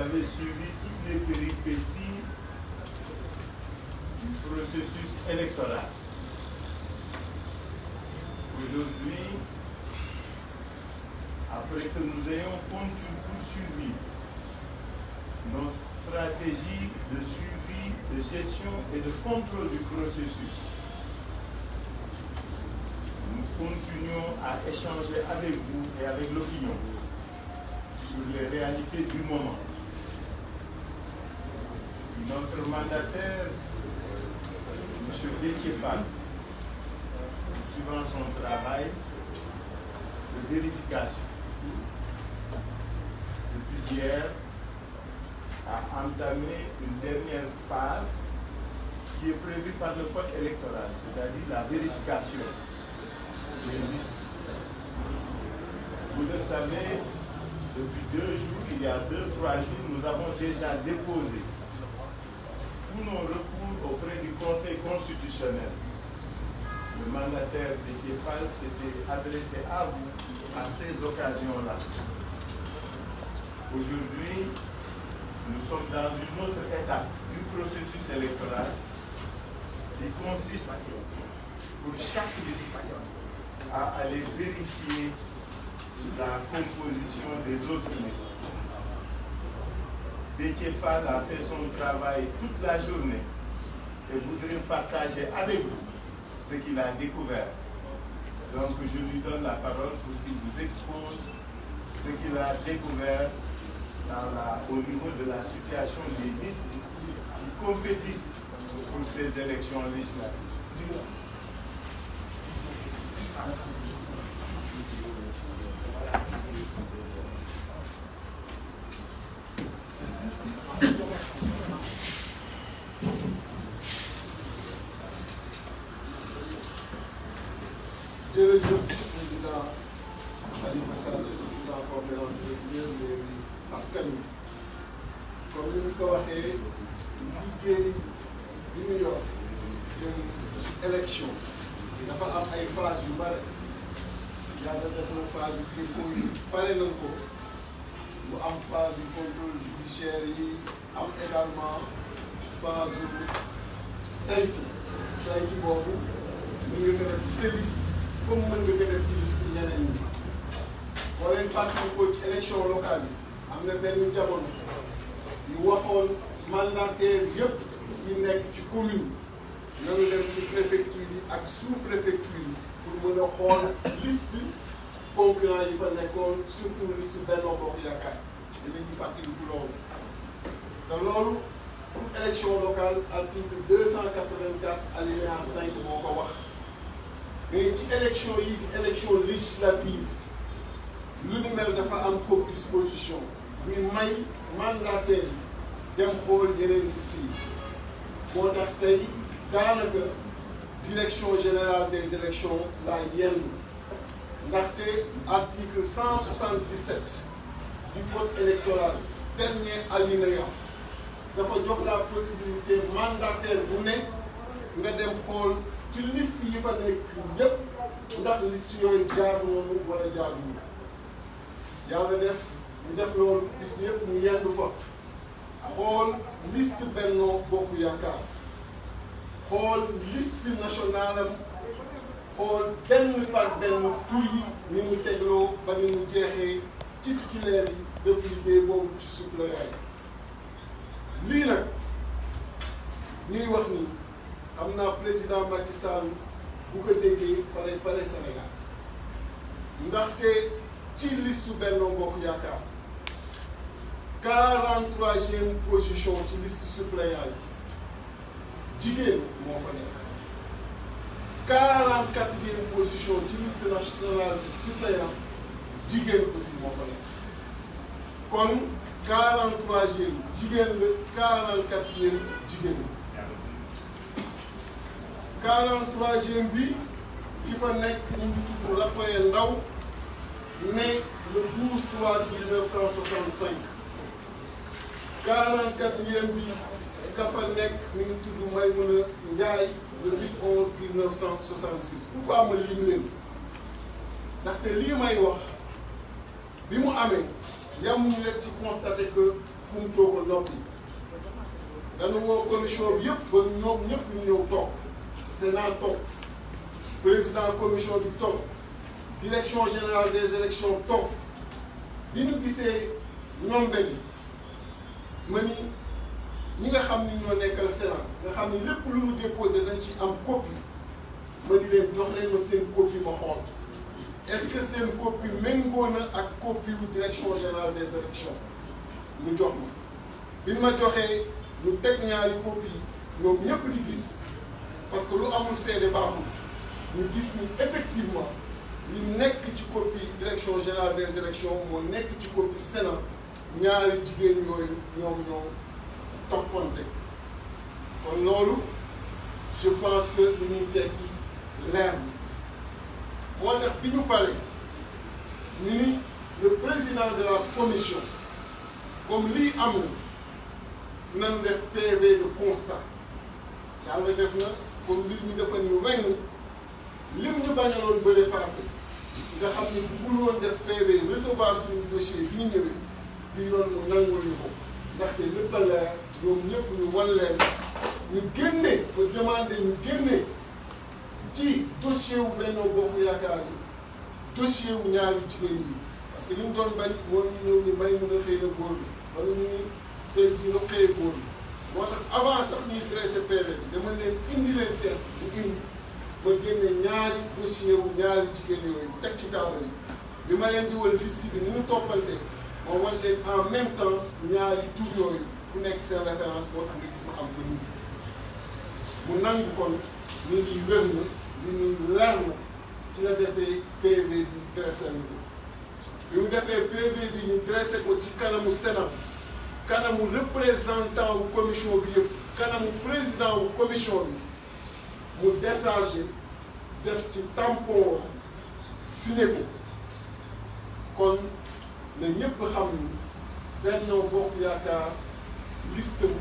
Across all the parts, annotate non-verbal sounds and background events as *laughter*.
avez suivi toutes les péripéties du processus électoral. Aujourd'hui, après que nous ayons poursuivi nos stratégies de suivi, de gestion et de contrôle du processus, nous continuons à échanger avec vous et avec l'opinion sur les réalités du moment. notre mandataire, M. Détiefan, suivant son travail de vérification depuis hier, a entamé une dernière phase qui est prévue par le code électoral, c'est-à-dire la vérification des listes. Vous le savez, depuis deux jours, il y a deux, trois jours, nous avons déjà tous nos recours auprès du Conseil constitutionnel. Le mandataire de Kéfal s'était adressé à vous à ces occasions-là. Aujourd'hui, nous sommes dans une autre étape du processus électoral qui consiste pour chaque liste à aller vérifier la composition des autres Détiéfal a fait son travail toute la journée et voudrait partager avec vous ce qu'il a découvert. Donc je lui donne la parole pour qu'il vous expose ce a découvert dans la, au niveau de la situation des listes qui compétissent pour ces élections législatives. Merci. salle de président conférence régulière mais askan wi comme ni ñu ko waxee liggéey bi ñu yor jëm élection dafa am ay phase yu bare yàlla def na phase yu dépôt yi bare nañ ko mu am phase yu contrôle judiciaire yi am également phase yu saytu saytu boobu mën nga ko def ci sa liste comme mën nga ko def ci liste ñeneen ñi boo leen fàttalikoo ci élection locale yi am na benn jamono ñu waxoon mandataire yëpp yi nekk ci commune nanu dem ci préfecture yi ak sous préfecture yi pour mën a xool liste concurrent yi fa nekkoon surtout liste Benno Bokk Yaakaar dinañu fàttaliku loolu te loolu pour élection locale article 284 alinéa 5 moo ko wax mais ci élection yi di élection législative lu dafa am co disposition ñu may mandataire dem xool yeneen liste yi moo tax tey daanaka direction générale des élections la yendu ndaxte article 177 du code dernier alinéa dafa jox la possibilité mandataire bu ne nga dem xool ci liste yi fa nekk yépp ndax liste yooyu jaar noonu wala jaar yàlla def ñu def loolu bis yëpp ñu yendu fa xool liste Benno Bokk Yaakaar xool liste nationale am xool benn par benn tur yi ni mu tegloo ba ni mu jeexee ci titulaire yi def liggéey boobu ci suppléant lii nag ñuy wax ni am naa président Macky bu ko déggee fa lay pare Sénégal ndaxte ci listu Benno Bokk Yaakaar 43e position ci liste suppléant yi jigéen moo fa nekk 44e position ci liste nationale bi suppléant jigéen aussi moo fa nekk kon 43e jigéen la 44e jigéen la 43e bi ki fa nekk ñu ngi tudd Raphaël Ndaw né le 12 3 1965 44e bi ka fa nekk mi ngi tudd Maymuna Njaay le 8 11 1966 pourquoi ma lim leen ndaxte may wax bi mu amee yamuñu rek ci constaté que kumtoo ko noppi dañu woo commission bi ba ñoom ñëpp ñu ñëw toog Sénat toog commission bi toog direction générale des élections toog li nu gisee ñombe bi ma ni ñi nga xam ni ñoo nekkal Sénat nga xam ni lépp lu mu déposé dañ ci am copie ma di leen jox leen ma seen copie ma xool est-ce que seen copie méngoo na ak copie wu direction générale des élections mu jox ma bi ma joxee ñu teg ñaari copie yi ñoom ñëpp di gis parce que lu amul seede baaxul ñu gis ni effectivement li nekk ci copie direction générale des élections moo nekk ci copie Sénat ñaari jigéen yooyu ñoom ñoo toppante kon loolu je pense que lu ñuy tekki moo tax bi ñu pare ni le président de la commission comme li am na nan def PV de constat yàlla def na comme li ñu defoon ñu weng lim nga xam ne buggul woon def PV recevoir suñu dossier bi ñu ñëwee di yoon nangul ñu ko ndaxte lépp a leer ñoom ñëpp ñu wan leen ñu génne ba demandé ñu génne ci dossier wu Benno Bokk Yaakaar yi wu ñaari jigéen yi parce que li mu doon bañ mooy may mën a xëy na góor bi wala ñu ngi tey jii la xëyee góor bi moo tax avant sax ñuy dressé PV bi dama leen indi ba génne ñaari dossier wu ñaari jigéen yooyu teg ci taabal yi bi ma leen di wal liste bi ni mu toppante ma wan leen en même temps ñaari tur yooyu ku nekk seen référence boo tax nga gis ma am ko nii mu nangu kon ñu ngi wér na ñu ngi leer ci la defee PV bi dressé na bi mu defee PV bi ñu dressé ko ci kanamu Sénat kanamu représentant wu commission bi yëpp kanamu président wu commission bi mu déchargé def ci tampon waa signé ko kon na ñépp xam ni Benno Bokk Yaakaar liste bu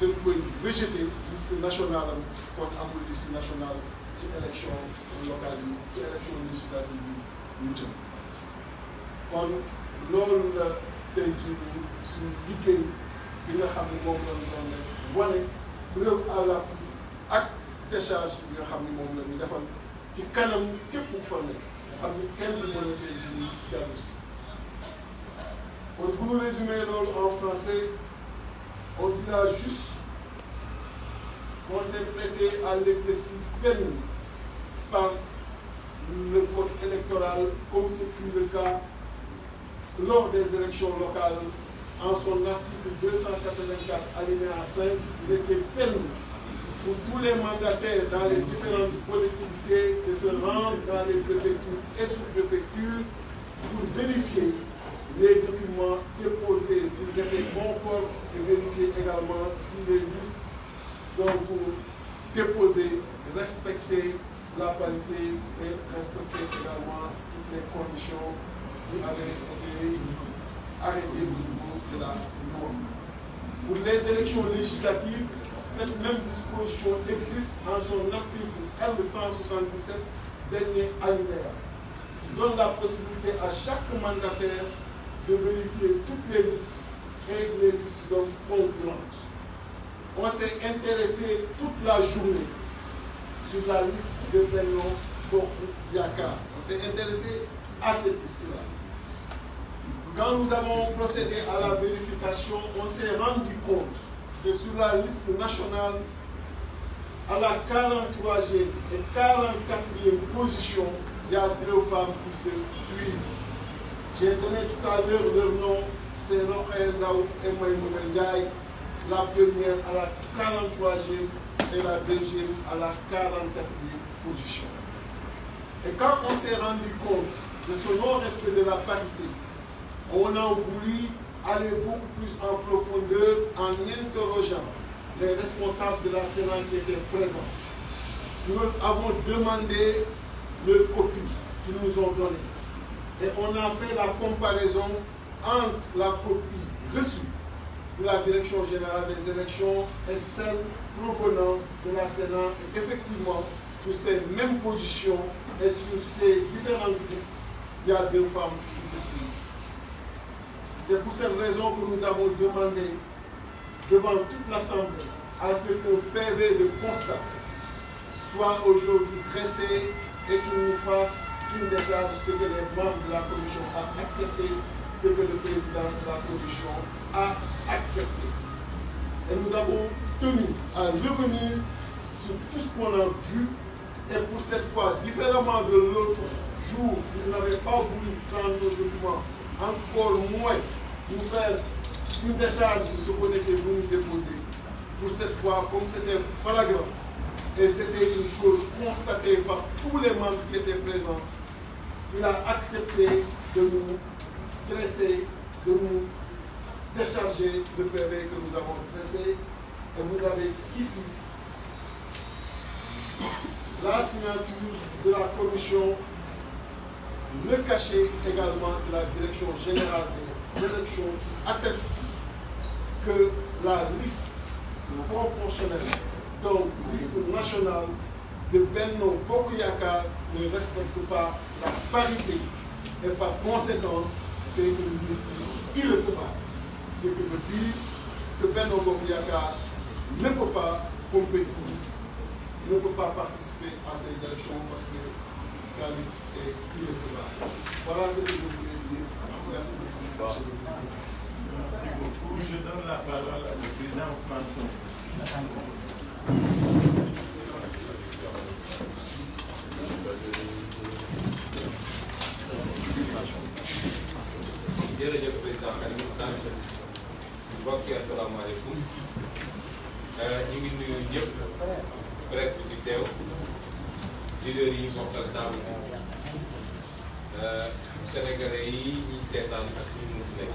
dañ koy rejeté liste am kon amul liste nationale ci élection locale yi ci élection législative bi kon loolu la tey jii nii suñu liggéey bi nga xam ne moom la ñu doon def wane preuve décharge bi nga xam ni moom la ñu defal ci kanam képp ku fa nekk nga ni kenn du mën a tey jii jàllu si kon bu ñu résumé loolu à l'exercice permis par le code électoral comme ce fut le lors des élections locales en son article 284 alinéa 5 il était pour tous les mandataires dans les différentes collectivités de se rendre dans les préfectures et sous-préfectures pour vérifier les documents déposés, s'ils étaient conformes, et vérifier également si les listes donc déposées respectaient la parité et respectaient également toutes les conditions qui avaient été arrêtées au niveau de la norme. Pour les élections législatives, cette même disposition existe dans son article L177 dernier alinéa donne la possibilité à chaque mandataire de vérifier toutes les listes et les listes donc concurrentes. On s'est intéressé toute la journée sur la liste de Benno Bokk On s'est intéressé à cette liste-là. procédé à la vérification, on s'est rendu compte est sur la liste nationale à la 43e et 44e position, il y a deux femmes qui se suivent. J'ai donné tout à l'heure leur nom, c'est Rokhaya Ndaw et Maïmouna Ndiaye, la première à la 43e la deuxième à la 44e position. Et quand on s'est rendu compte de ce non de la parité, on a aller beaucoup plus en profondeur en interrogeant les responsables de la Sénat qui étaient présents. Nous avons demandé le copie qu'ils nous ont donné. Et on a fait la comparaison entre la copie reçue de la Direction générale des élections et celle provenant de la Sénat. Et effectivement, sur ces mêmes positions et sur ces différentes listes, y a deux femmes C'est pour cette raison que nous avons demandé devant toute l'Assemblée à ce qu'un PV de constat soit aujourd'hui dressé et qu'il nous fasse une décharge, ce que les membres de la Commission ont accepté, ce que le président de la Commission a accepté. Et nous avons tenu à revenir sur tout ce qu'on a vu et pour cette fois, différemment de l'autre jour, nous n'avons pas voulu prendre nos documents encore moins nous faire une décharge sur ce qu'on était venu déposer. Pour cette fois, comme c'était flagrant, et c'était une chose constatée par tous les membres qui étaient présents, il a accepté de nous dresser, de nous décharger le PV que nous avons dressé. Et vous avez ici la signature de la commission recaché également de la direction générale des élections atteste que la liste proportionnelle, donc liste nationale de Benno Bokuyaka ne respecte pas la parité et par conséquent, c'est une liste irrecevable. Ce qui veut dire que Benno Bokuyaka ne peut pas compétir, ne peut pas participer à ces élections parce que service est irrecevable. Voilà ce que je voulais dire. Merci beaucoup, monsieur le président. Merci beaucoup. Je donne la parole au président Ousmane jërëjëf président Aliou Sanché mbokk yi asalaamaaleykum euh, ñu ngi nuyu ñëpp presse bi fi teew. leader yi ñu bokkal table bi euh, sénégalais yi ñuy seetaan ak ñu mu nekk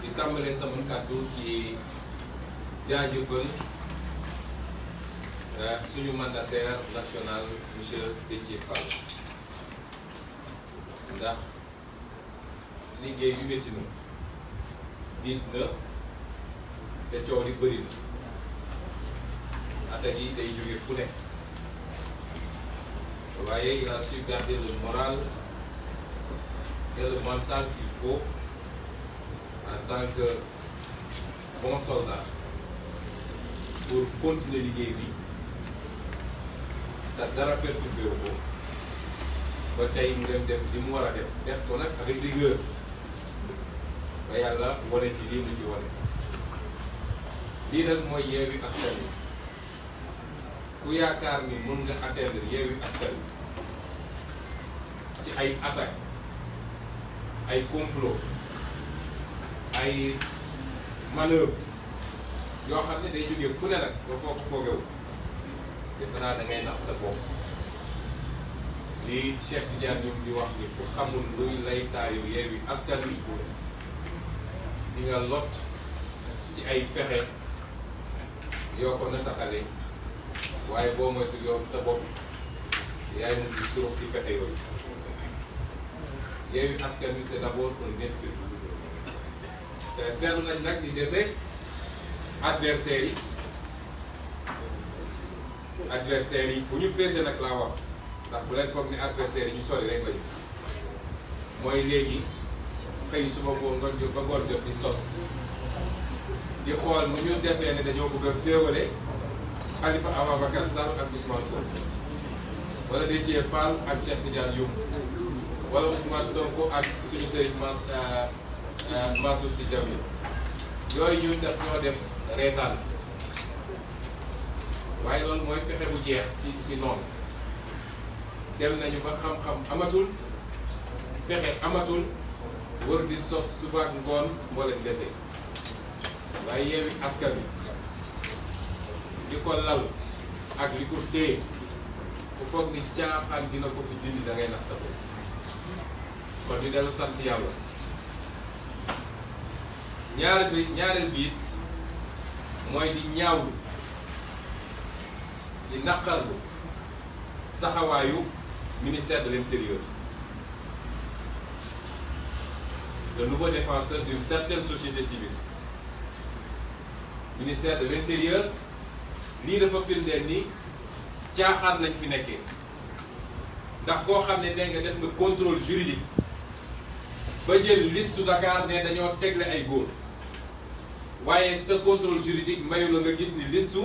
di tàmbalee sama kàddu ci jaajëfal euh, suñu mandataire national monsieur Déthié Fall ndax liggéey bi métti na diis na te coow li bëri na attaques yi day jóge fu ne voyez, il a su garder le moral et le mental qu'il faut en tant que bon soldat pour continuer liggéey bi te dara perturbé wu ko ba tey mu dem mu war a def def ko nag avec ba yàlla wane ci lii mu ci wane lii nag mooy yeewi askan wi ku yaakaar ni mun nga atteindre Yewwi Askan Wi ci ay attaques ay complot ay manœuvre yoo xam ne day jógee fu ne nag nga foog foogewu defe naa da ngay nax sa bopp lii Cheikh Tidiane ñoom di wax ni ku xamul luy laytaayu Yewwi Askan Wi di nga lot ci ay pexe yoo ko nasaxale waaye boo moytu yow sa bopp yaay mujj suuf ci pexe yooyu Yewwi Askan Wi c'est d'abord un esprit te seetlu nag di dese adversaire yi adversaire yi fu ñu féete nag laa wax ndax bu leen foog ne adversaire yi ñu sori rek lañu mooy léegi xëy suba boo ngoon jot ba ngoon jot sos di xool mu ñu defee ne dañoo bëgg a féewale Khalifa Ababacar Sall ak Ousmane Sonko wala Déthié Fall ak Cheikh Tidiane Youm wala Ousmane Sonko ak suñu sëriñ Mass euh, euh, Mansour Sy Djamil yooyu ñun daf ñoo def reetaan waaye loolu mooy pexe bu jeex ci noonu dem nañu ba xam-xam amatul pexe amatul wër di sos suba ak ngoon moo leen dese waaye yeewi askan wi. ko lal ak li ko téye ku foog ni caaxaan dina ko fi dindi da nax sa bopp kon di dellu sant yàlla ñaar bi ñaareel bi mooy di ñaawlu di naqarlu taxawaayu ministère de l'intérieur le nouveau défenseur d'une certaine société civile ministère de l'intérieur lii dafa firndeel ni caaxaan nañ fi nekkee ndax koo xam ne nee nga def nga contrôle juridique ba jël liste Dakar ne dañoo tegle ay góor waaye sa contrôle juridique mayu la nga gis ni liste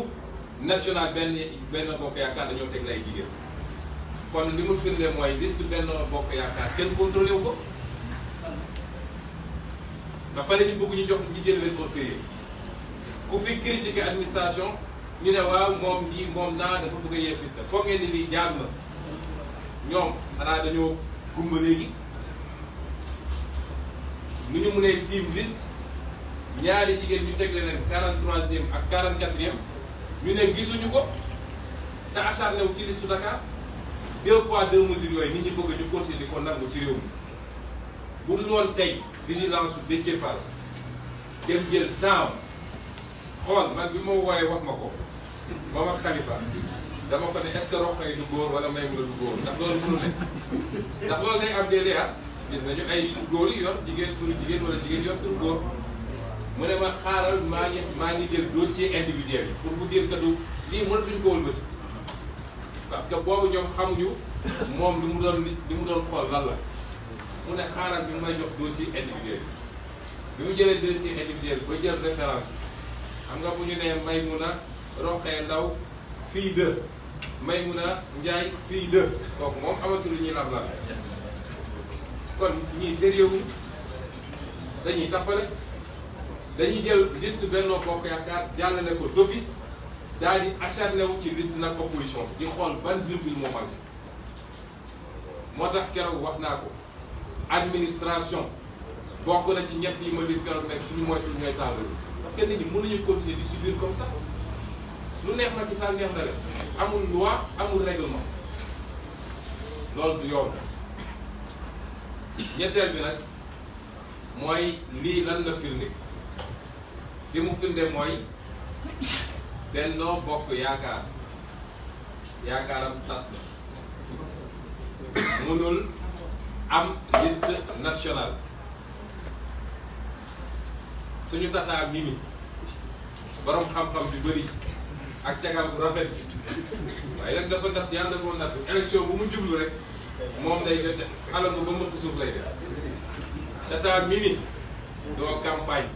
nationale benn benn bokk yaakaar dañoo tegle ay jigéen kon li mu firnde mooy liste benn bokk yaakaar kenn contrôlé wu ko ba pare ñu bëgg ñu jox ñu jël leen au sérieux ku fi critiquer administration. ñu ne waaw moom lii moom naa dafa bëgg a yee fitna foog ngeen ni lii jaadu la ñoom xanaa dañoo gumba léegi nu ñu mënee tiim liste ñaari jigéen ñu tegle leen quarante troisième ak quarante quatrième ñu ne gisuñu ko te acharné wu ci liste Dakar deux poids deux mesures yooyu nit ñi bëgg ñu continuer di ko nangu ci réew mi bu dul woon tey vigilance su Déthié Fall dem jël temps xool man bi ma wooyee wax ma ko moom ak Khalifa dama ko ne est-ce que yi du góor wala may mu la du góor ndax loolu mënu ne ndax loolu day am déedéet ah gis nañu ay góor yi yor jigéen turu jigéen mu ne ma xaaral maa ngi maa ngi jël dossier individuel yi pour vous dire que du parce que boobu ñoom xamuñu moom li mu doon li mu doon xool lan la mu ne xaaral may jox dossier mu jëlee dossier individuel ba jël référence xam nga bu ñu nee Roqee Ndaw fii fille de a Njaay fii dë kooku moom amatul lu ñuy lab la kon ñii sérieux wu dañuy tappale dañuy jël liste Benno Bokk Yaakaar jàllale ko d'office daal di acharné wu ci liste nag opposition di xool ban virgule moo mag moo tax keroog wax naa ko administration bokk na ci ñett yi ma leen keroog nekk suñu moytuwul ñooy tàmbali parce que nit ñi mënuñu continuer di subir comme ça. lu neex Macky Sall neex na leen amul loi amul règlement loolu du yomb ñetteel bi nag mooy lii lan la firnde li mu firnde mooy Benno Bokk Yaakaar yaakaaram tas na mënul am liste nationale suñu tataa Mimi borom xam-xam bi bëri ak tegal bu rafet waaye nag dafa ndax yàlla dafa ndax élection bu mu jublu moom day def xalam ba mbëkk suuf lay def tata mini doo campagne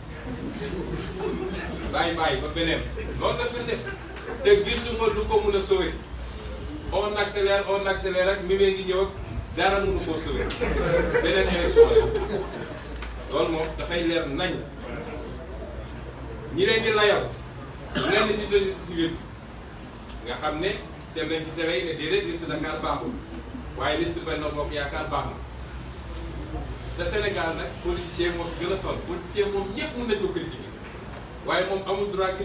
bàyyi bàyyi ba beneen loolu la fi def te gisuma lu mun a sauver on accélère on accélère ak mi ngi ñëw ak dara mënu koo sauver beneen élection la loolu moom dafay leer nañ ñi leen layal ñenn ci société bi nga xam ne dem nañ ci tere yi ne déedéet liste Dakar baaxul waaye liste Benno Bokk Yaakaar baax na te Sénégal nag politicien moom gën a sonn politicien moom ñëpp mën nañ ko critiquer waaye moom amul droit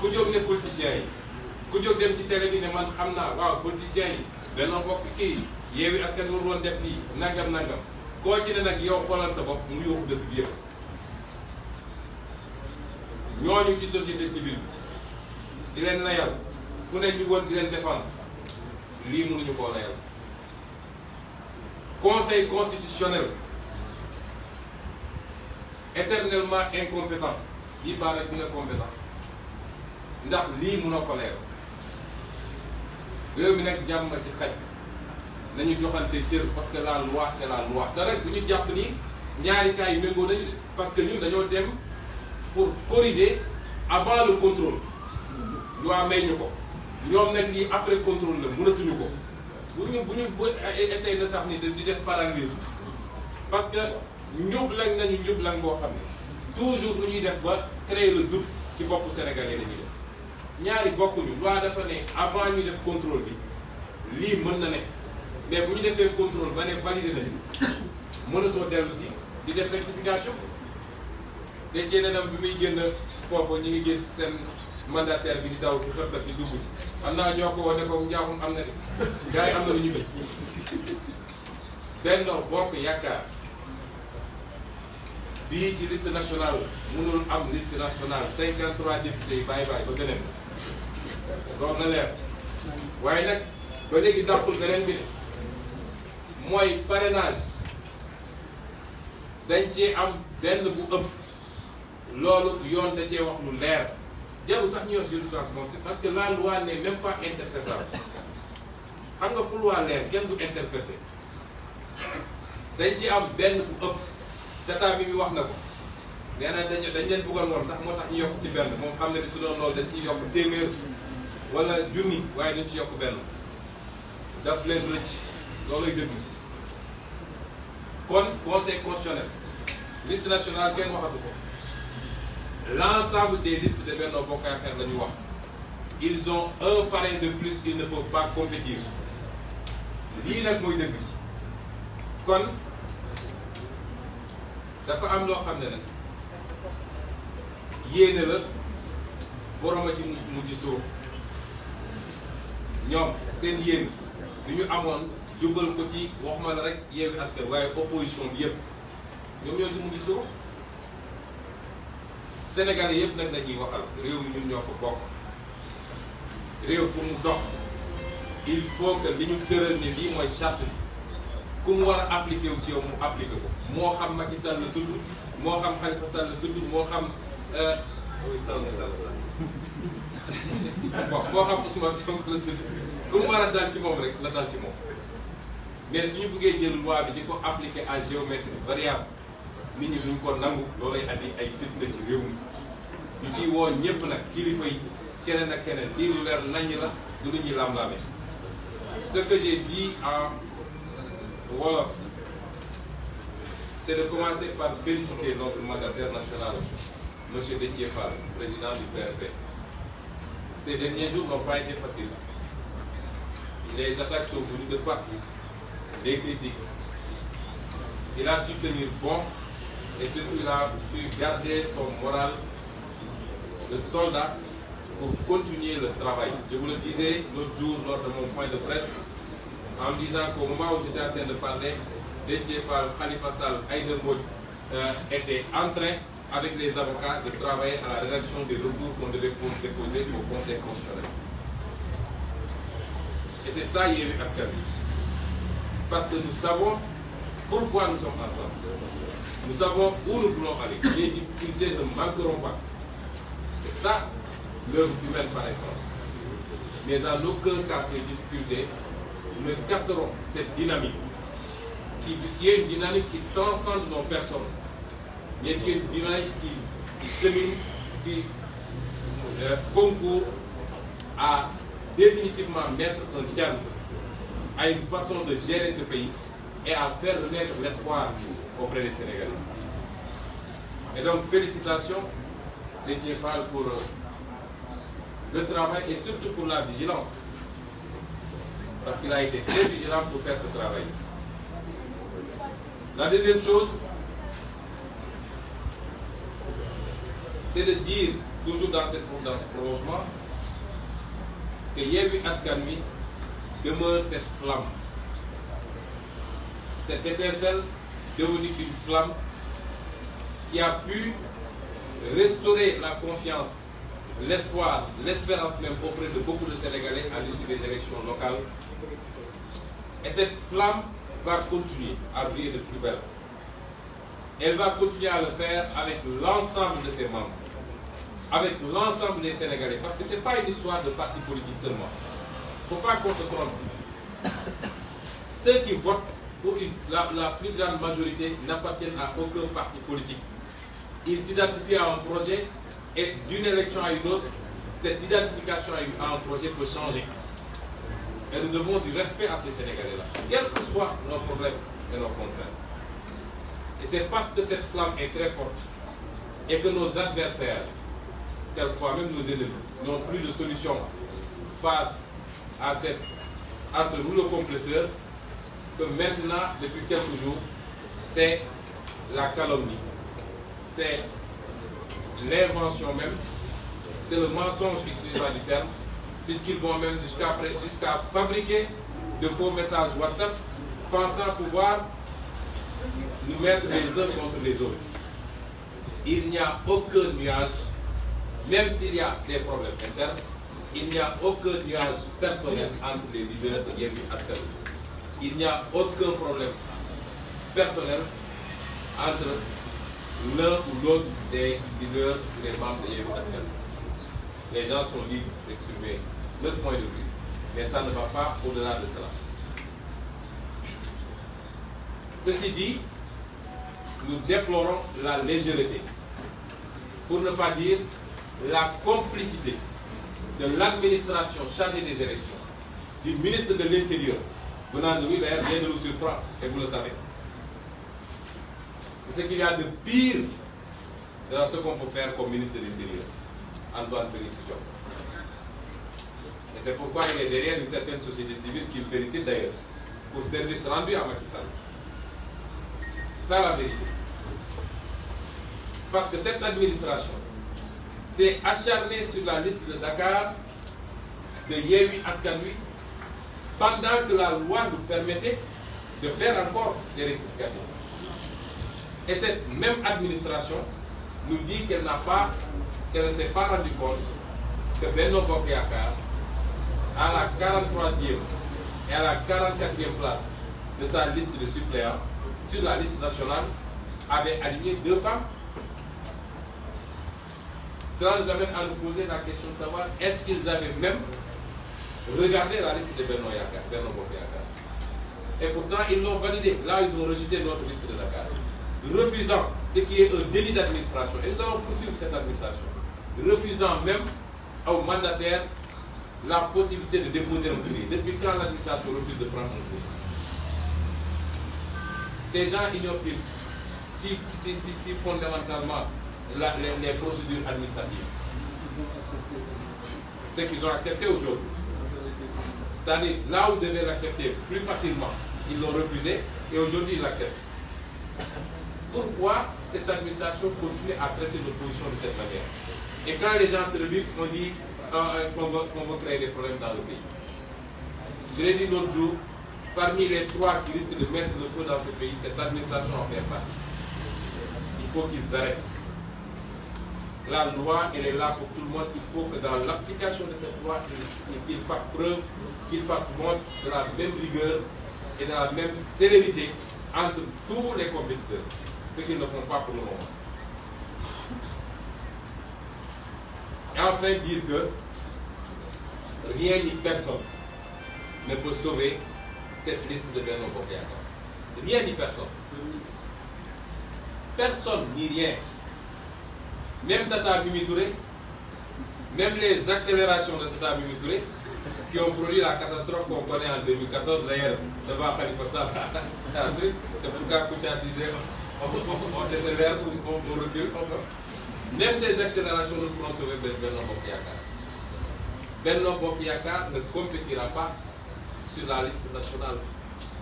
ku jóg ne politicien yi ku jóg dem ci télé bi ne man xam naa waaw politicien yi Benno Bokk kii Yewwi Askan Wi waroon def nii nangam nangam koo ci ne nag yow xoolal sa bopp mu yóbbu dëkk bi yëpp. ñooñu ci société civile di leen layal ku ne ñu woon di leen défendre lii mënuñu koo layal conseil constitutionnel éternellement incompétent lii baax na dina compétent ndax lii mënoo ko layal réew mi nag jàmm ci xaj nañu joxante cër parce que la loi c'est la loi te bu ñu jàpp ni ñaari cas yi méngoo nañu parce que ñun dañoo dem. pour corriger avant le contrôle ñu am may ñu ko ñoom nag nii après contrôle la mënatuñu ko bu ñu bu ñu bu essayé na sax ni di def parallélisme parce que njublang nañu njublang boo xam ne toujours lu ñuy def ba créer le doute ci boppu sénégalais la ñuy ñaari bokkuñu waa dafa ne avant ñu def contrôle bi lii mën na ne mais bu ñu defee contrôle ba ne validé nañu mënatoo dellu si di def rectification. dencee nenam bi muy génn foofu ñu ngi gis seen mandataire bi di daw si xëpp di dugg si xam naa ñoo ko wane ko njaaxum am na de gars am na lu ñu gis Benno Bokk bi bii ci liste nationale mënul am liste nationale 53 députés yi bàyyi bàyyi ba beneen doon na leer waaye nag ba léegi dàqul beneen bi mooy parrainage dañ ci am benn bu ëpp loolu yoon da cee wax mu leer jarul sax ñu yor jurisprudence moom parce que la loi n'est même pas interprétable xam nga fu loi leer kenn du interprété dañ ci am benn bu ëpp data bi mi wax na ko nee na dañ dañ leen bëggoon woon sax moo tax ñu yokk ci benn moom xam ne ni su doon loolu dañ ciy yokk téeméer wala junni waaye dañ ci yokk benn daf leen rëcc loolooy dëgg kon conseil constitutionnel liste nationale kenn waxatu ko l'ensemble des listes de Benno Bokk Yaakaar la ñu wax ils ont un parrain de plus ils ne peuvent lii nag mooy dëgg kon dafa am loo xam ne nag yéene la borom ci mujj suuf ñoom seen yéen lu ñu amoon jubal ko ci waxuma la rek yeewi askan waaye opposition bi yëpp ñoom ñoo ci mujj suuf sénégal yëpp nag la ñuy waxal réew mi ñun ñoo ko bokk réew pour mu dox il faut que li ñu tëral ni lii mooy charte bi ku mu war a appliqué wu ci yow mu appliqué ko moo xam Macky la tudd moo xam Khalifa Sall la tudd moo xam Sall euh, Sall bon moo xam Ousmane Sonko la tudd ku mu war a dal ci moom rek la dal ci moom mais suñu buggee jël loi bi di ko appliqué à géométrie variable nit ñi duñ ko nangu loolay andi ay fitna ci réew woo ñëpp nag kilifa yi keneen ak keneen lii lu leer nañ la du lu ñuy lamlame ce que j'ai dit en wolof c'est de commencer par féliciter notre mandataire national monsieur Déthié Fall président du PRP ces derniers jours n'ont pas été faciles les attaques sont venues de partout des critiques il a su tenir et surtout il a su garder son moral de soldat pour continuer le travail. Je vous le disais l'autre jour lors de mon point de presse en me qu'au moment où j'étais en de parler, Déthié Fall, Khalifa Sall, Aïda Mbodj euh, étaient avec les avocats de travailler à la rédaction des recours qu'on devait déposer au Conseil constitutionnel. Et c'est ça Yewwi Askan Wi. Parce que nous savons Pourquoi nous sommes ensemble Nous savons où nous voulons aller. Les difficultés ne manqueront pas. C'est ça l'œuvre humaine par essence. Mais en aucun cas ces difficultés ne casseront cette dynamique qui, est dynamique qui chemine, qui euh, concourt définitivement mettre un terme à une façon de gérer ce pays et à faire naître l'espoir auprès des Sénégalais. Et donc, félicitations de Diefal pour euh, le travail et surtout pour la vigilance. Parce qu'il a été très vigilant pour faire ce travail. La deuxième chose, c'est de dire, toujours dans, cette, dans ce prolongement, que Yéhu Askanui demeure cette flamme cette étincelle devenue une flamme qui a pu restaurer la confiance, l'espoir, l'espérance même auprès de beaucoup de Sénégalais à l'issue des élections locales. Et cette flamme va continuer à briller de plus belle. Elle va continuer à le faire avec l'ensemble de ses membres, avec l'ensemble des Sénégalais, parce que ce n'est pas une histoire de parti politique seulement. Il pas qu'on Ceux qui votent pour la, la, plus grande majorité, n'appartiennent à aucun parti politique. Ils s'identifient à un projet et d'une élection à une autre, cette identification à un projet peut changer. Et nous devons du respect à ces Sénégalais-là, quels que soient nos problèmes et nos contraintes. Et c'est parce que cette flamme est très forte et que nos adversaires, quelquefois même nos ennemis, n'ont plus de solution face à, cette, à ce rouleau compresseur que maintenant, depuis quelques jours, c'est la calomnie, c'est l'invention même, c'est le mensonge, excusez-moi du terme, puisqu'ils vont même jusqu'à fabriquer de faux messages WhatsApp, pensant pouvoir nous mettre les uns contre les autres. Il n'y a aucun nuage, même s'il y a des problèmes internes, il n'y a aucun nuage personnel entre les leaders et les il n'y a aucun problème personnel entre l'un ou l'autre des leaders ou des membres de Yewwi Askan les gens sont libres d'exprimer leur point de vue mais ça ne va pas au de cela ceci dit nous déplorons la légèreté pour ne pas dire la complicité de l'administration chargée des élections du ministre de l'Intérieur venant de lui, d'ailleurs, vient de nous surprendre, et vous le savez. C'est ce qu'il y a de pire dans ce qu'on peut faire comme ministre de l'Intérieur, Antoine Félix Diop. Et c'est pourquoi il est derrière service rendu à Macky Sall. C'est Parce que cette administration s'est acharnée sur la liste de Dakar, de Yehui Askanui, pendant que la loi nous permettait de faire encore des rectifications. Et cette même administration nous dit qu'elle n'a pas, qu'elle ne s'est pas rendue compte que Benno Bokyakar, à la 43e et la 44e place de sa liste de suppléants, sur la liste nationale, avait aligné deux femmes. Cela nous amène à nous poser la question de savoir est-ce qu'ils avaient même Regardez la liste de Benoît Yakar, Benoît Yakar. Et pourtant, ils l'ont validé. Là, ils ont rejeté notre liste de Dakar. Refusant ce qui est un délit d'administration. Et nous allons poursuivre cette administration. Refusant même aux mandataires la possibilité de déposer un courrier. Depuis quand l'administration refuse de prendre un courrier Ces gens ignorent-ils si, si, si, fondamentalement la, les, les procédures administratives Ce qu'ils ont accepté aujourd'hui C'est-à-dire, là où devait l'accepter plus facilement, ils l'ont refusé et aujourd'hui ils l'acceptent. Pourquoi cette administration continue à traiter l'opposition de cette manière Et quand les se relèvent, on dit euh, euh qu'on veut, qu créer dans le pays. Je l'ai dit l'autre jour, parmi les trois qui de mettre le feu dans ce pays, cette administration en fait partie. Il faut qu'ils arrêtent. la loi, elle est là pour tout le monde. Il faut que dans l'application de cette loi, qu'il fasse preuve, qu'il fasse montre de la même rigueur et de la même célérité entre tous les compétiteurs, ce qu'ils ne font pas pour le moment. Et enfin, dire que rien ni personne ne peut sauver cette liste de Bernard Rien ni personne. Personne ni rien même Tata Mimi Touré même les accélérations de Tata Mimi Touré qui ont produit la catastrophe qu'on connaît en 2014 d'ailleurs devant Khalifa Sall *laughs* c'est pourquoi Koutia disait on décélère on, on recule on même ces accélérations ne pourront sauver Benno Bokk Yakaar Benno Bokk Yakaar ne compétira pas sur la liste nationale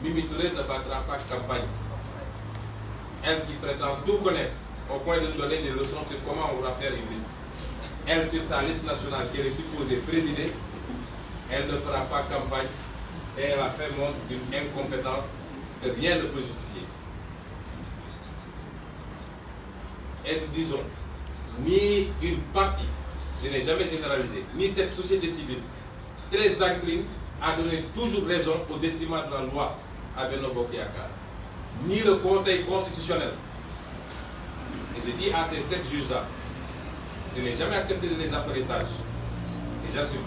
Mimi Touré ne battra pas campagne elle qui prétend tout connaître au point de nous donner des leçons sur comment on doit faire une liste. Elle, sur sa liste nationale qu'elle est supposée présider, elle ne fera pas campagne elle a fait montre d'une incompétence que rien ne peut justifier. Et disons, ni une partie, je n'ai jamais généralisé, ni cette société civile, très incline à donner toujours raison au détriment de la loi à Benoît Ni le Conseil constitutionnel, je dis à ces sept juges-là, je n'ai jamais accepté de les appeler sages. Et j'assume.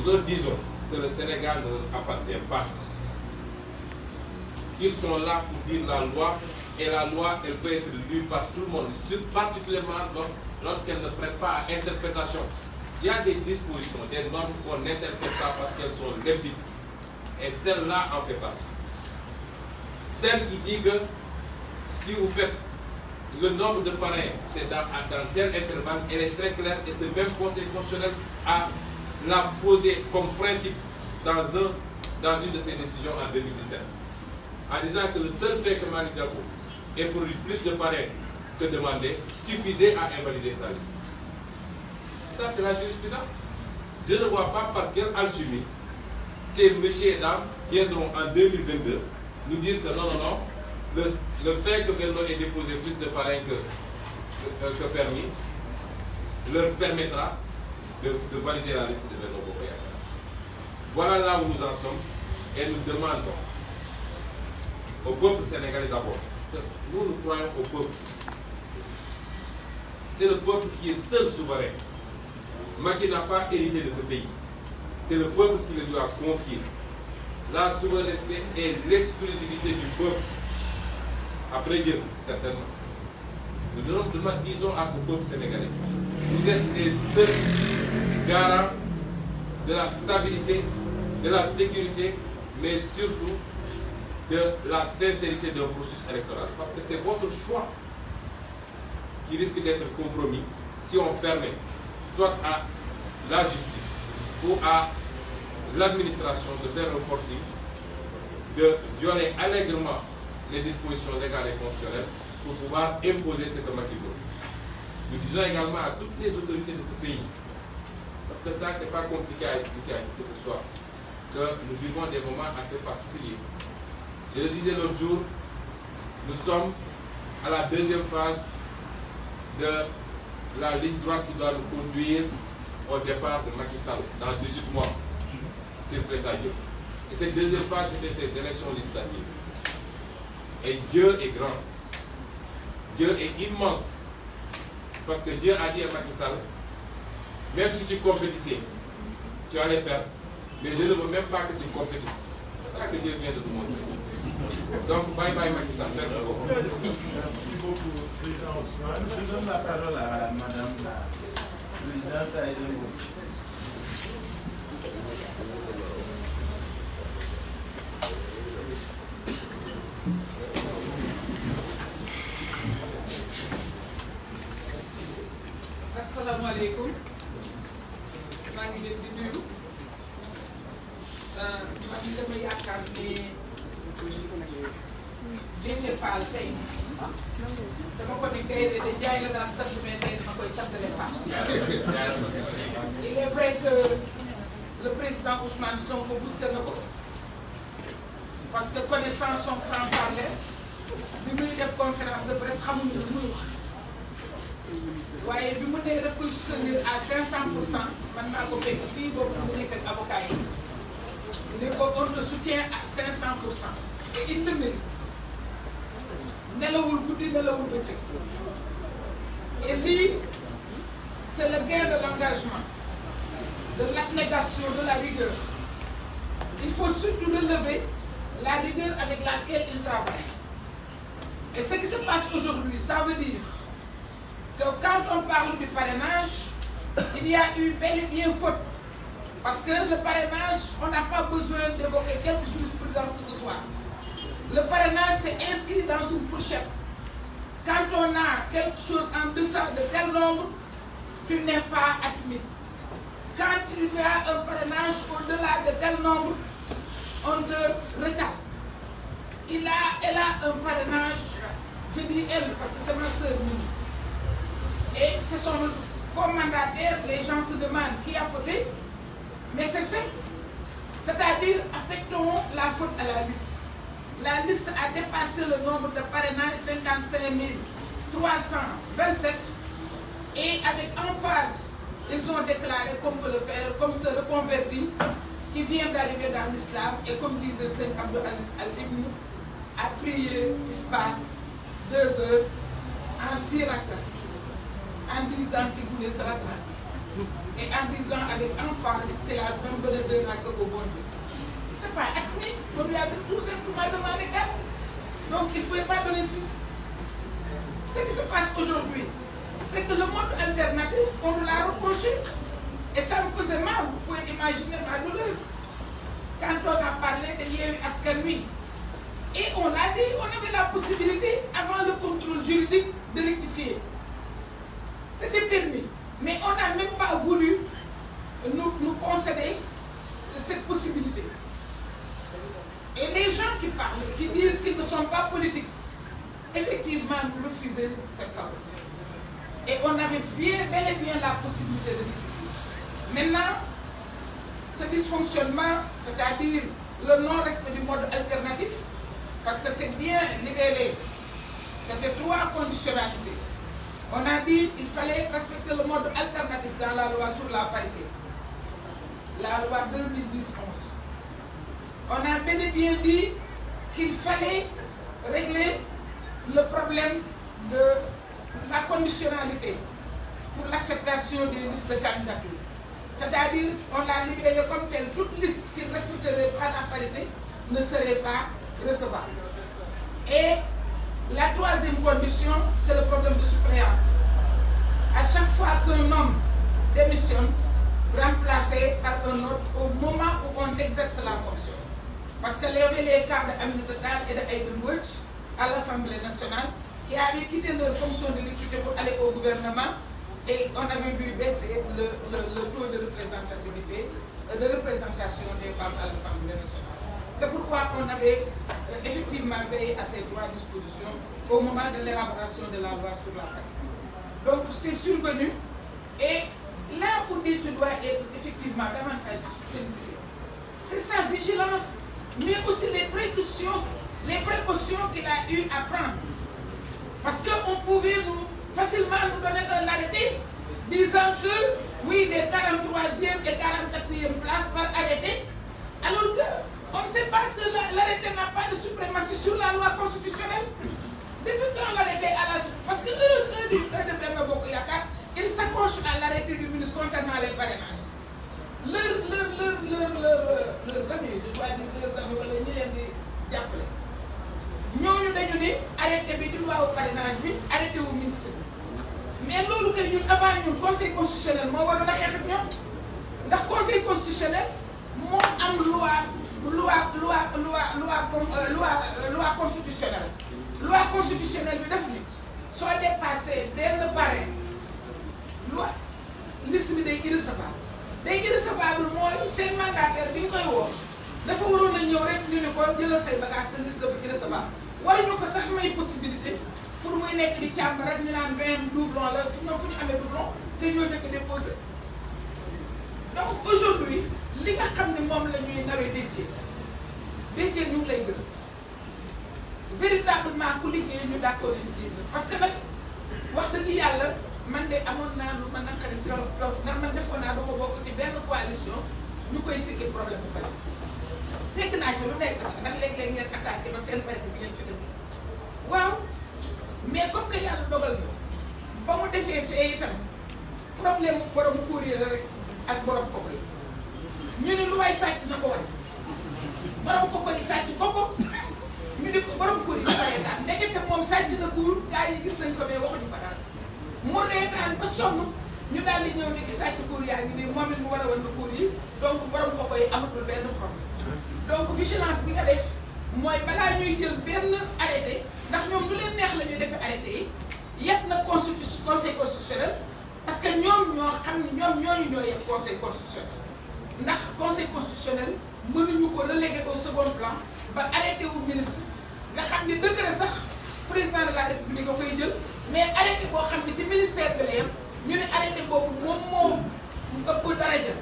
Nous leur disons le Sénégal ne leur appartient pas. Ils sont là pour la loi, et la loi, elle peut être lue tout le monde, particulièrement lorsqu'elle ne prête pas à interprétation. Il y a des dispositions, des normes qu'on n'interprète pas parce qu'elles sont limpides. Et celle-là en fait partie. Celle qui dit que si vous faites le nombre de parrains, c'est dans, dans, tel intervalle, elle est très claire et ce même conseil constitutionnel a l'a comme principe dans, une de ses décisions en 2017, en disant que le seul fait que Malik Dabo ait produit plus de parrains que demandé suffisait à invalider sa liste. Ça, c'est la jurisprudence. Je ne vois pas par quelle alchimie ces messieurs et viendront en 2022 nous dire que non, non, non, le, le fait que Benno plus de parrains que, permis leur permettra de, de la liste de Benno Bokoyaka. Voilà là où nous en nous demandons au peuple sénégalais d'abord. Nous, nous croyons au peuple. C'est le peuple qui est seul souverain. Maki pas hérité de ce pays. C'est le peuple qui le lui a confié. La souveraineté est l'exclusivité du peuple. après Dieu, certainement. Nous disons à ce peuple sénégalais, vous êtes les seuls garants de la stabilité, de la sécurité, mais surtout de la sincérité d'un processus électoral. Parce que c'est votre choix qui risque d'être compromis si on permet soit à la justice ou à l'administration de faire un de violer allègrement les dispositions légales et constitutionnelles pour pouvoir imposer cette maquillage. Nous disons également à toutes les autorités de ce pays, parce que ça, c'est pas compliqué à expliquer à qui que ce soit, que nous vivons des moments assez particuliers. Je le disais l'autre jour, nous sommes la deuxième phase de la ligne droite qui doit nous conduire au départ de Macky Sall dans 18 mois. C'est prêt à Dieu. Et cette deuxième phase, c'était ces élections législatives. Et Dieu est grand. Dieu est immense. Parce que Dieu a dit à Macky Sall, même si tu compétissais, tu allais perdre. Mais je ne veux même pas que tu compétisses. C'est ça que Dieu vient de te montrer. Donc, bye bye Macky la asalaamaaleykum maa ngi leen di nuyu euh, man dama yaakaar ne Déthié Fall tey dama ko ne gaynde de jaay la daan sant mais tey dama koy santale Fall. il est vrai que le président Ousmane Sonko boosté na parce que connaissant son franc-parler bi muy def conférence de presse xamuñu lu muy wax. waaye bi mu ne daf koy soutenir à 500 pour cent man maa ko fekk fii boobu mu nekk ak avocat yi ne ko on te soutient à 500 pour cent te il le mérite nelawul guddi nelawul bëccëg et lii c' est le gain de l' engagement de l' abnégation de la rigueur il faut surtout relever la rigueur avec laquelle il travaille et ce qui se passe aujourd'hui ça veut que quand on parle du parrainage, il y a eu bel et bien Parce que le parrainage, on n'a pas besoin d'évoquer quelque jurisprudence que ce soit. Le parrainage, c'est inscrit dans une fourchette. Quand on a quelque chose en deçà de tel nombre, tu n'es pas admis. Quand tu as un parrainage au-delà de tel nombre, on te retarde. Il a, elle a un je dis elle parce que c'est ma soeur. Et ce sont comme mandataires, les gens se demandent qui a fauté, mais c'est simple. C'est-à-dire, affectons la faute à la liste. La liste a dépassé le nombre de parrainages 55 327 et avec emphase, ils ont déclaré qu'on peut le faire, comme ce reconverti qui vient d'arriver dans l'islam et comme disait Saint Abdou Aziz Al-Ibn, a prié, disparaît deux heures en Siraka. en disant qu'il voulait se rattraper et en disant avec enfance que la bonne de la au bon Dieu. Ce n'est pas a tout simplement demandé quatre. Donc il ne pouvait pas donner six. Ce qui se passe aujourd'hui, c'est que le monde alternatif, on nous l'a reproché. Et ça me faisait mal, vous pouvez imaginer ma douleur. Quand on a parlé de Yéhu Askanui, et on l'a on avait la possibilité, avant le contrôle juridique, de rectifier. C'était permis. Mais on n'a même pas voulu nous, nous concéder cette possibilité. Et les gens qui parlent, qui disent qu'ils ne sont pas politiques, effectivement, nous refusons cette faveur. Et on avait bien, bel et bien la possibilité de discuter. Maintenant, ce dysfonctionnement, c'est-à-dire le non-respect du mode alternatif, parce que c'est bien libellé, c'était trois conditionnalités. On a dit qu'il fallait respecter le mode alternatif dans la sur la parité, la loi On a bel dit qu'il fallait régler le problème de la conditionnalité pour l'acceptation des listes de candidatures. C'est-à-dire, on l'a libéré comme tel, toute liste qui respecterait pas la ne serait pas recevable. La troisième condition, c'est le problème de suppléance. À chaque fois qu'un homme démissionne, remplacé par un autre au moment où on exerce la fonction. Parce que les cas d'Aminata Tall et d'Aïdun Witch à l'Assemblée nationale, qui avaient quitté leur fonction de député pour aller au gouvernement, et on avait vu baisser le, le, de représentativité, de représentation des femmes l'Assemblée nationale. C'est pourquoi on avait euh, effectivement veillé à ces trois dispositions au moment de l'élaboration de la loi sur la PAC. Donc c'est survenu et là où il doit être effectivement davantage félicité, c'est sa vigilance, mais aussi les précautions, les précautions qu'il a eu à prendre. Parce qu'on pouvait nous, facilement nous donner un arrêté disant que oui, les 43e et 44e places par arrêté, alors que On ne sait pas que l'arrêté n'a pas de suprématie sur la loi constitutionnelle. Depuis quand l'arrêté à la... Parce que eux, eux, du de Bemba Bokoyaka, ils s'accrochent à l'arrêté du ministre concernant les parrainages. Leur, leur, leur, leur, leur, amis, je dois dire leurs amis, on les milliers de diables. ñooñu dañu ni arrêté bi ci loi au parrainage bi arrêté wu ministre mais loolu kay ñun avant ñun conseil constitutionnel moo waroon a xeex ak ñoom ndax conseil constitutionnel moo am loi loi loi loi loi euh, euh, loi constitutionnelle loi constitutionnelle bi def ni soo dépassé benn parrain loi liste bi day irrecevable day irrecevable mooy seen mandataire bi ñu koy woo dafa waroon a ñëw rek ñu ne ko jëlal say bagage sa liste dafa irrecevable waruñu ko sax may possibilité pour muy nekk di càmbar rek ñu naan benn doublon la fu ñoom fu ñu amee doublon te ñoo dëkk déposé donc aujourd'hui li nga xam ne moom la ñuy nawee Déthié Déthié ñu ngi lay gërëm véritablement ku liggéey ñu d'accord ñu dégg parce que nag wax dëgg yàlla man de amoon naa lu ma naqari trop trop ndax man defoon naa benn coalition ñu koy siggi problème ba mu defee fee itam problème mu borom la rek ak borom kooku yi. ñu ne lu waay sàcc na ko wane borom ko kori sàcc ko ko ñu ne ko borom kori la ko reetaan ndekete moom sàcc na buur gars yi gis nañ ko mais waxuñu ko daal mu reetaan ba sonn ñu daal di ñëw ni ki sàcc kóor yaa ngi nii moom la ñu war a wan na kóor yi donc borom ko koy amatul benn problème donc vigilance bi nga def mooy balaa ñuy jël benn arrêté ndax ñoom lu leen neex la ñuy defee arrêté yi yëpp na constitution conseil constitutionnel parce que ñoom ñoo xam ne ñoom ñooñu ñoo ndax conseil constitutionnel mënuñu ko reléguer au second plan ba arrêté wu ministre nga xam ne décret sax président de la république a koy jël mais arrêté boo xam ne ci ministère bi ñu ne arrêté boobu moom moo ëpp daraja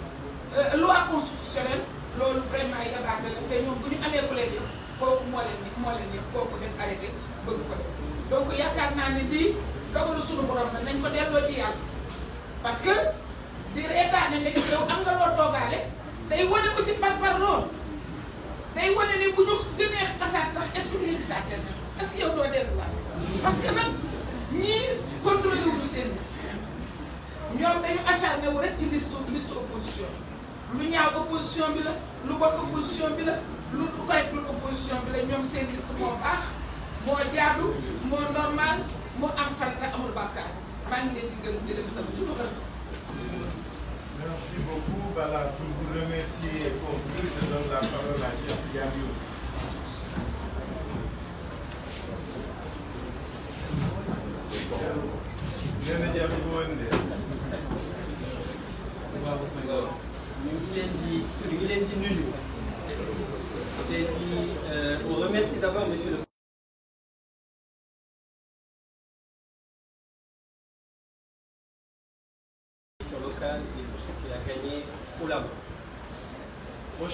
euh, loi constitutionnelle loolu vraiment yabaat na la te ñoom bu ñu amee ku leen yëpp kooku moo leen yëpp moo leen kooku def arrêté bëgg ko def donc yaakaar naa ne lii dogalu suñu borom la nañ ko delloo ci yàlla parce di reetaan ne ndeke yow am nga loo toogaale day wane aussi par par lool day wane ne bu ñu gënee xasaat sax est-ce que ñu gisaat leen est-ce que yow doo parce que nag ñii contrôlé wu ñu seen liste ñoom dañu acharné wu rek ci liste liste opposition lu ñaaw opposition bi la lu bon opposition bi la lu correctul opposition bi la ñoom seen liste moo baax moo jaadu moo normal moo am farata amul bàkkaar maa ngi leen di gën di leen sant Merci beaucoup. Voilà, pour vous remercier et conclure, je donne la parole à Cheikh Diallo. nee na jàpp woon de. waaw ñu ngi leen di ñu ngi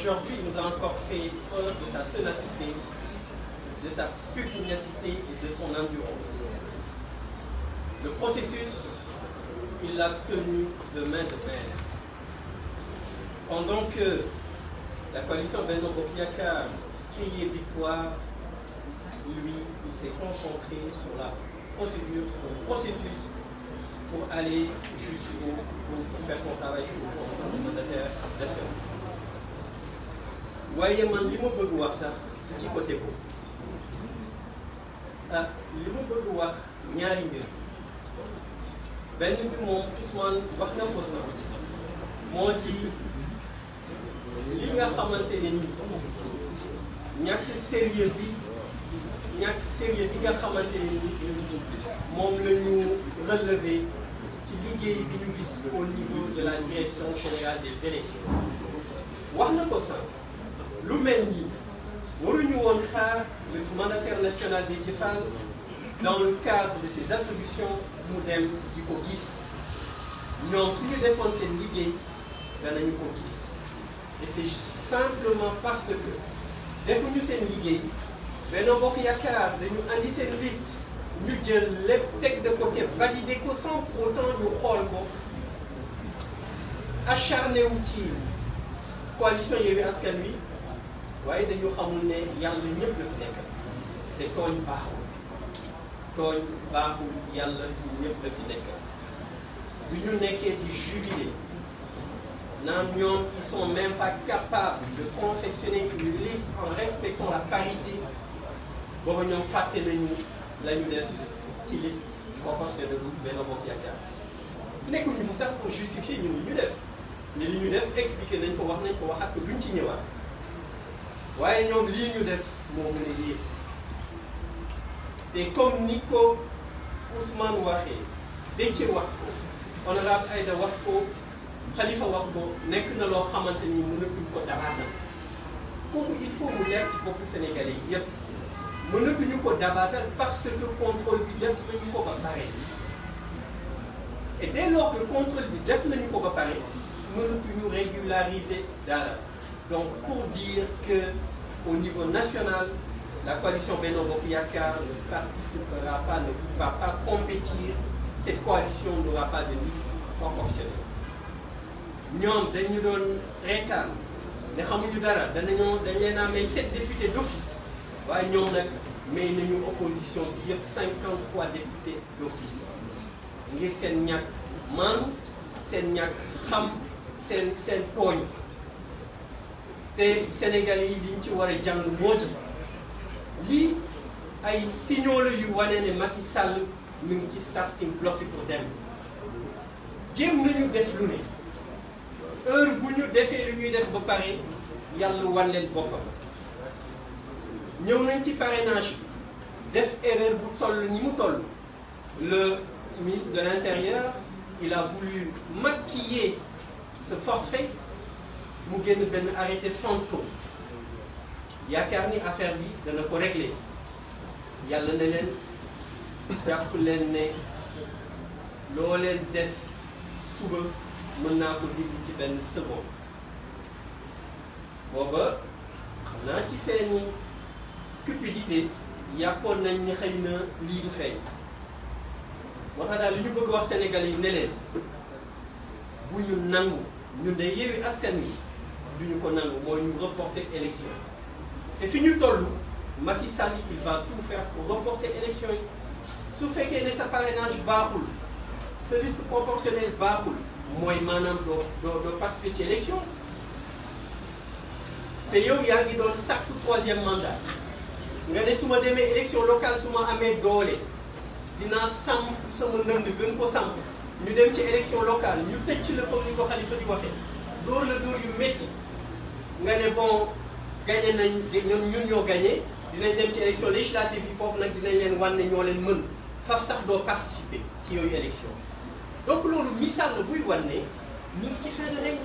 Aujourd'hui, il nous a encore fait preuve de sa ténacité, de sa pugnacité et de son endurance. Le processus, il l'a tenu de main de main. Pendant que la coalition Beno Bokiaka criait victoire, lui, s'est concentré sur la procédure, sur processus pour aller jusqu'au, pour faire son travail jusqu'au mandataire national. waaye man li ma bëgg wax sax ci côté boobu ah li ma bëgg wax ñaari mbir benn bi moom Ousmane wax na ko sax moo ci li nga xamante ne nii ñàkk sérieux bi ñàkk sérieux bi nga xamante ne nii moom la ñu relever ci liggéey bi ñu gis au niveau de la direction générale des wax na ko sax. lu mel ni waruñu woon xaar le mandataire national Déthié Fall dans le cadre de ses attributions mu dem di ko gis ñoom suñu defoon seen liggéey danañu ko gis et c'est simplement parce que defuñu seen liggéey Benno Bokk Yaakaar dañu andi seen liste ñu jël lépp teg de côté validé ko sans pour autant ñu xool ko acharné wu ci coalition Yewwi Askan Wi waaye dañu xamul ne yàlla ñëpp la fi nekkal te tooñ baaxul tooñ baaxul yàlla ñëpp la fi nekkal bu ñu nekkee di jubilé naan ñoom ils sont même pas capables de confectionner une liste en respectant la parité booba ñoom fàtte nañu la ñu def ci liste proportionnelle de groupe Benno Bokk fi sax pour justifier ñun li ñu def ne li ñu def expliqué nañ ko wax nañ ko waxaat ko duñ ci ñëwaat. waaye ñoom lii ñu def moo gën a yées te comme ni ko Ousmane waxee Déthié wax ko honorable Aïda wax ko Khalifa wax ko nekk na loo xamante ni mënatuñ ko dabaatal kooku il faut mu leer ci bopp yi yëpp mënatuñu ko dabaatal parce que contrôle bi def nañu ko ba pare et dès lors que bi def nañu ko ba pare mënatuñu régulariser dara Donc pour dire que au niveau national, la coalition Beno Bokyakar ne participera pa ne pourra pas compétir. Cette coalition n'aura pas de liste proportionnelle. ñoom dañu doon reetaan ne xamuñu dara danañoo dañ leen a may sept d'office waaye ñoom nag may nañu opposition bi yëpp cinquante trois députés d'office ngir seen ñàkk maanu seen ñàkk xam seen seen tooñ te Sénégalais yi liñ ci war a jàng moo ci lii ay signaux la yu wane ne Macky sàll mi ngi ci starting block pour dem jéem nañu def lu ne heure bu ñu defee lu ñuy def ba pare yàlla wan boppam ñëw nañ ci parrainage def erreur bu toll ni mu toll le ministre de l'intérieur il a voulu maquiller ce forfait mu génn benn arrêté fantôme yaakaar ni affaire bi dana ko réglé yàlla ne leen jàpp leen ne loo leen def suba mën naa ko dindi ci benn seconde booba xam naa ci seeni cupidité yàppoon nañ ni xëy na lii du feeñ moo daal li ñu bëgg wax Sénégal yi ne leen bu ñu nangu ñun de yeewi askan wi du ñu ko nangu mooy ñu reporter élection te fi ñu toll Macky Sall il va tout faire pour reporter élection yi su fekkee ne sa parrainage baaxul sa liste proportionnelle baaxul mooy maanaam doo doo doo participer ci élection te yow yaa ngi doon sàkku troisième mandat nga ne su ma demee élection locale su ma amee doole dinaa samp sama ndënd gën ko samp ñu dem ci élection locale ñu tëj ci la comme ni ko Khalifa di waxee dóor la dóor yu métti nga ne bon gagné nañ ñoom ñun ñoo gagné dinañ dem ci élection législative foofu nag dinañ leen wan ne ñoo leen mën faf sax doo participer ci yooyu élection donc loolu misaal la buy wan ne ñu ci fin de règne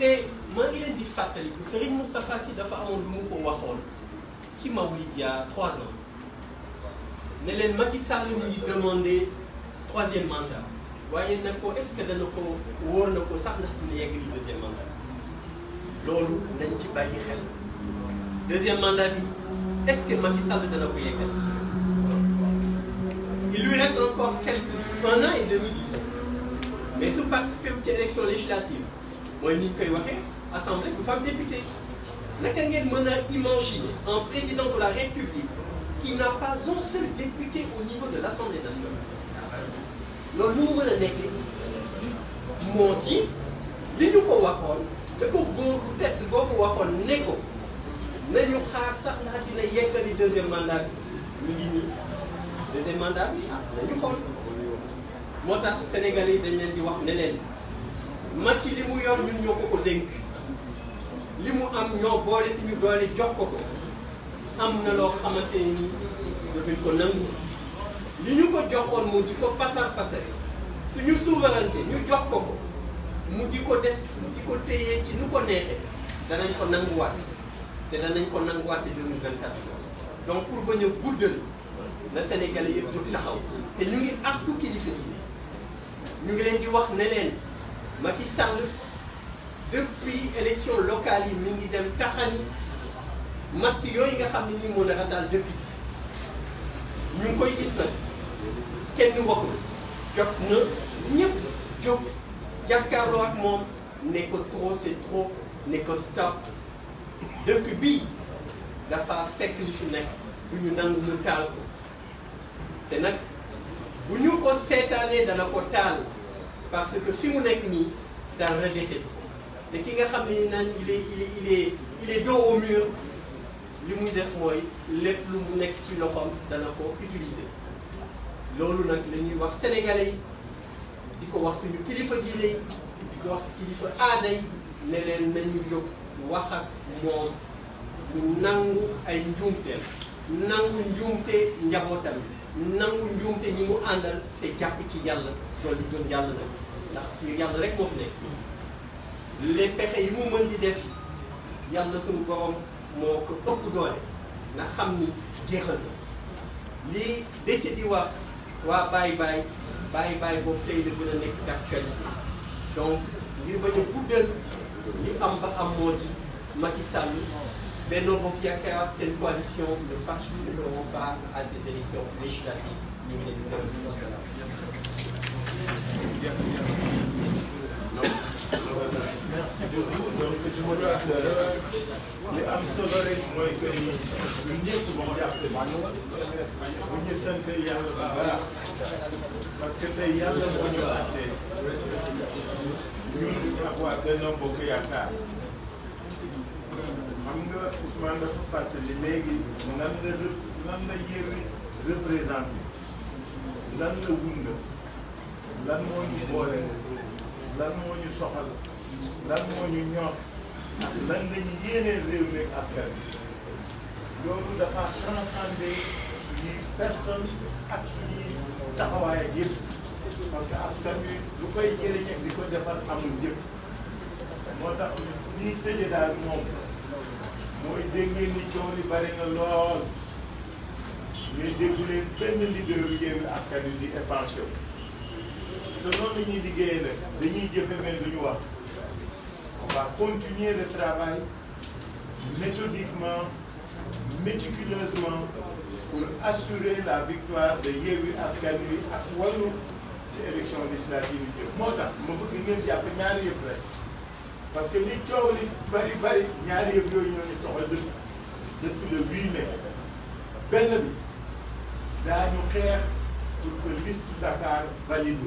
te maa ngi leen di fàttaliku Serigne Moustapha Sy dafa amoon lu mu ko waxoon ci Mawlid il y a trois ans ne leen Macky Sall mi ngi demandé troisième mandat waaye nag ko est-ce que dana ko wóor na ko sax ndax dina yegg di deuxième mandat. loolu nañ ci bàyyi xel deuxième mandat bi est-ce que Macky Sall dana ko yeggal il lui reste encore quelques un an et demi mais su participé wu ci élection législative mooy ni ñu koy waxee assemblée bu femme député naka ngeen mën a imaginer un président de la république qui n'a pas un seul député au niveau de l'assemblée nationale loolu lu mu mën a nekkee moo ci li ñu ko waxoon te ko góor gu tedd boobu waxoon ne ko nañu xaar sax ndax dina yeggali deuxième mandat bi ñu ngi nii deuxième mandat bi ah nañu xool moo tax Sénégalais yi dañ leen di wax ne leen Macky mu yor ñun ñoo ko ko li mu am ñoo boole suñu doole jox ko ko am na loo xamante ni dafay ko nangu li ñu ko joxoon moo di ko pasar pasare suñu souveraineté ñu jox ko. mu di ko def mu di ko téye ci nu ko neexee danañ ko nanguwaat te danañ ko nanguwaat de 2024 donc pour bañ a guddal na Sénégalais yëpp jóg taxaw te ñu ngi artu kilifa yi ñu ngi leen di wax ne leen Macky Sall depuis élection locale yi mi ngi dem taxani matt yooyu nga xam ne nii moo dara daal dëkk ñu koy gis nag kenn waxul jot na ñëpp jóg. jàkkaarloo ak moom ne ko trop c'est trop ne ko stop dëkk bii dafa fekk li fi nekk bu ñu nangu mu taal ko te nag bu ñu ko seetaanee dana ko taal parce que fi mu nekk nii dal redese ko te ki nga xam ne naan il est il est il est il est li muy def mooy lépp lu mu nekk ci loxoom dana ko utiliser loolu nag lañuy wax sénégalais yi. di ko wax suñu kilifa diine yi di ko wax si kilifa aada yi ne leen nañu jóg wax ak moom mu nangu ay njuumteel nangu njuumte njabootam nangu njuumte ñi mu àndal te jàpp ci yàlla loolu li doon yàlla nag ndax fii yàlla rek moo nekk les pexe yi mu mën di def yàlla suñu borom moo ko ëpp doole ndax xam ni jeexal na lii dëcc di wax waa baay baay bàyyi bàyyi boobu tey la gën a nekk d'actualité donc ngir bañ a guddal li am ba am moo di Macky Sall Benno Bokk Yaakaar seen coalition ne participeront pas à ces élections législatives ñu ngi leen di gërëm wasalaam merci beaucoup donc ci ma jox li am solo rek mooy que ni ñun ñëpp ñu jàppale bu ñu sant yàlla bu baax parce que tey yàlla moo ñu àttee ñun ak waa Benno Bokk Yaakaar xam nga Ousmane dafa fàttali léegi nan la nan la Yewwi représenté lan la wund lan moo ñu boole lan moo ñu soxal. lan moo ñu ñor lan lañu yéenee réew mi ak askan bi loolu dafa transcender suñuy personne ak suñuy taxawaay yëpp parce que askan bi lu koy jëriñ ak di ko defar amul njëkk moo tax ñuy tëje daal moom mooy dégg ngeen ni coow li bari na lool mais déggu leen benn leader yu yéen askan wi di épanché wu te noonu la ñuy liggéeyee nag dañuy jëfe mais duñu wax on va continuer le travail méthodiquement, méticuleusement pour assurer la victoire de Yewwi Askan Wi ak Wallu ci élection législative yi jëm moo ma bëgg ngeen jàpp ñaari yëf rek parce que li coow li bari bari ñaari yëf yooyu ñoo ñu soxal dëkk depuis le 8 mai benn bi daañu xeex pour que liste Dakar valide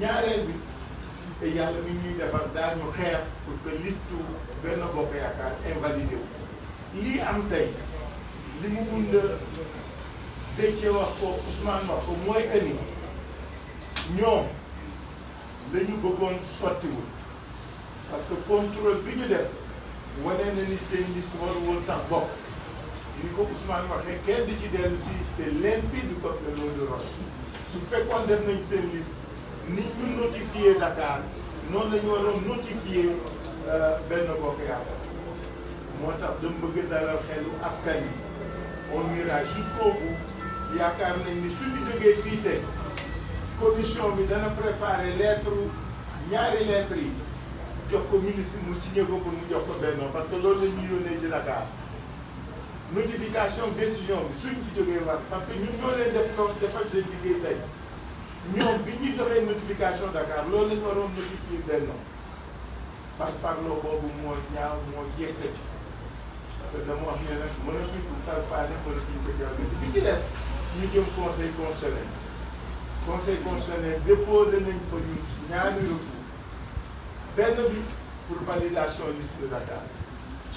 ñaareel bi. te yàlla mi ñuy defar daañu xeex pour que listu benn bokk yaakaar invalidé wu lii am tey li mu wund Déthié wax ko Ousmane wax ko mooy que ni ñoom la ñu bëggoon sottiwul parce bi ñu def wane na ni seen liste waruwul tax bokk ko Ousmane waxee kenn di ci dellu si c'est di du code de l'eau de roche su def nañ seen ni ñu notifié Dakar noonu la ñu waroon notifié euh, benn bokk yaakaar moo tax dama bëgg dalal xelu askan yi on ira jusqu'au bout yaakaar nañ ni suñu jógee fii te commission bi dana préparer lettre ñaari lettre yi jox ko ministre mu signé ko pour mu jox ko benn parce que loolu la ñuy yónnee ci Dakar notification décision bi suñ fi jógee parce que ñun ñoo leen def loolu defal seen ñoom bi ñu joxee notification Dakar loolu la ñu waroon notifier Benno par parloo boobu moo ñaaw moo jekkati parce que dama wax ne nag mënatuñ ko salfaane mënatuñ ko jàppale bi ci def ñu jëm conseil constitutionnel conseil constitutionnel déposé nañ fa ñu ñaari recours benn bi pour validation liste de Dakar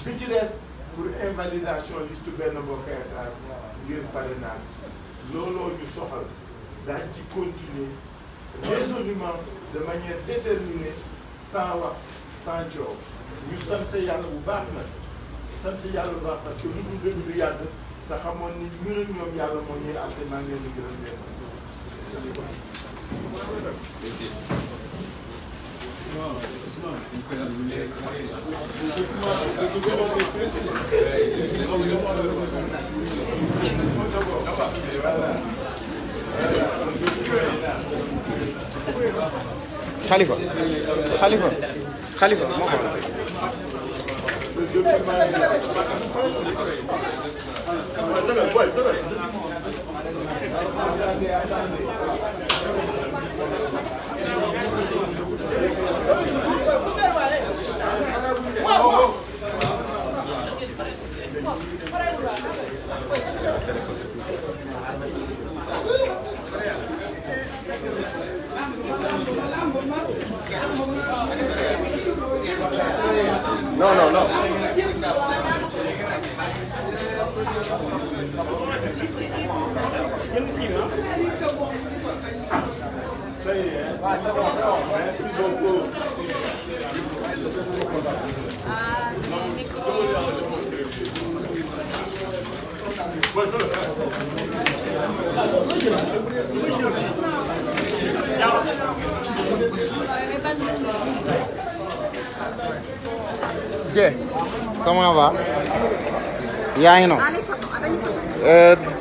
bi ci des pour invalidation liste benn bokk yaakaar ngir parrainage looloo ñu soxal. daañ ci continuer résolument de manière déterminée sans wax sans coow ñu sant yàlla bu baax nag sant yàlla bu baax parce que lu dul dëgg du yàgg te xamoon ni ñun ak ñoom yàlla moo ñuy àtte maa xalifa xalifa No, no, no. Ça y est. Hein? c'est bon, c'est bon. Merci beaucoup. Bonjour. Bonjour. Dieng comment va yaa ngi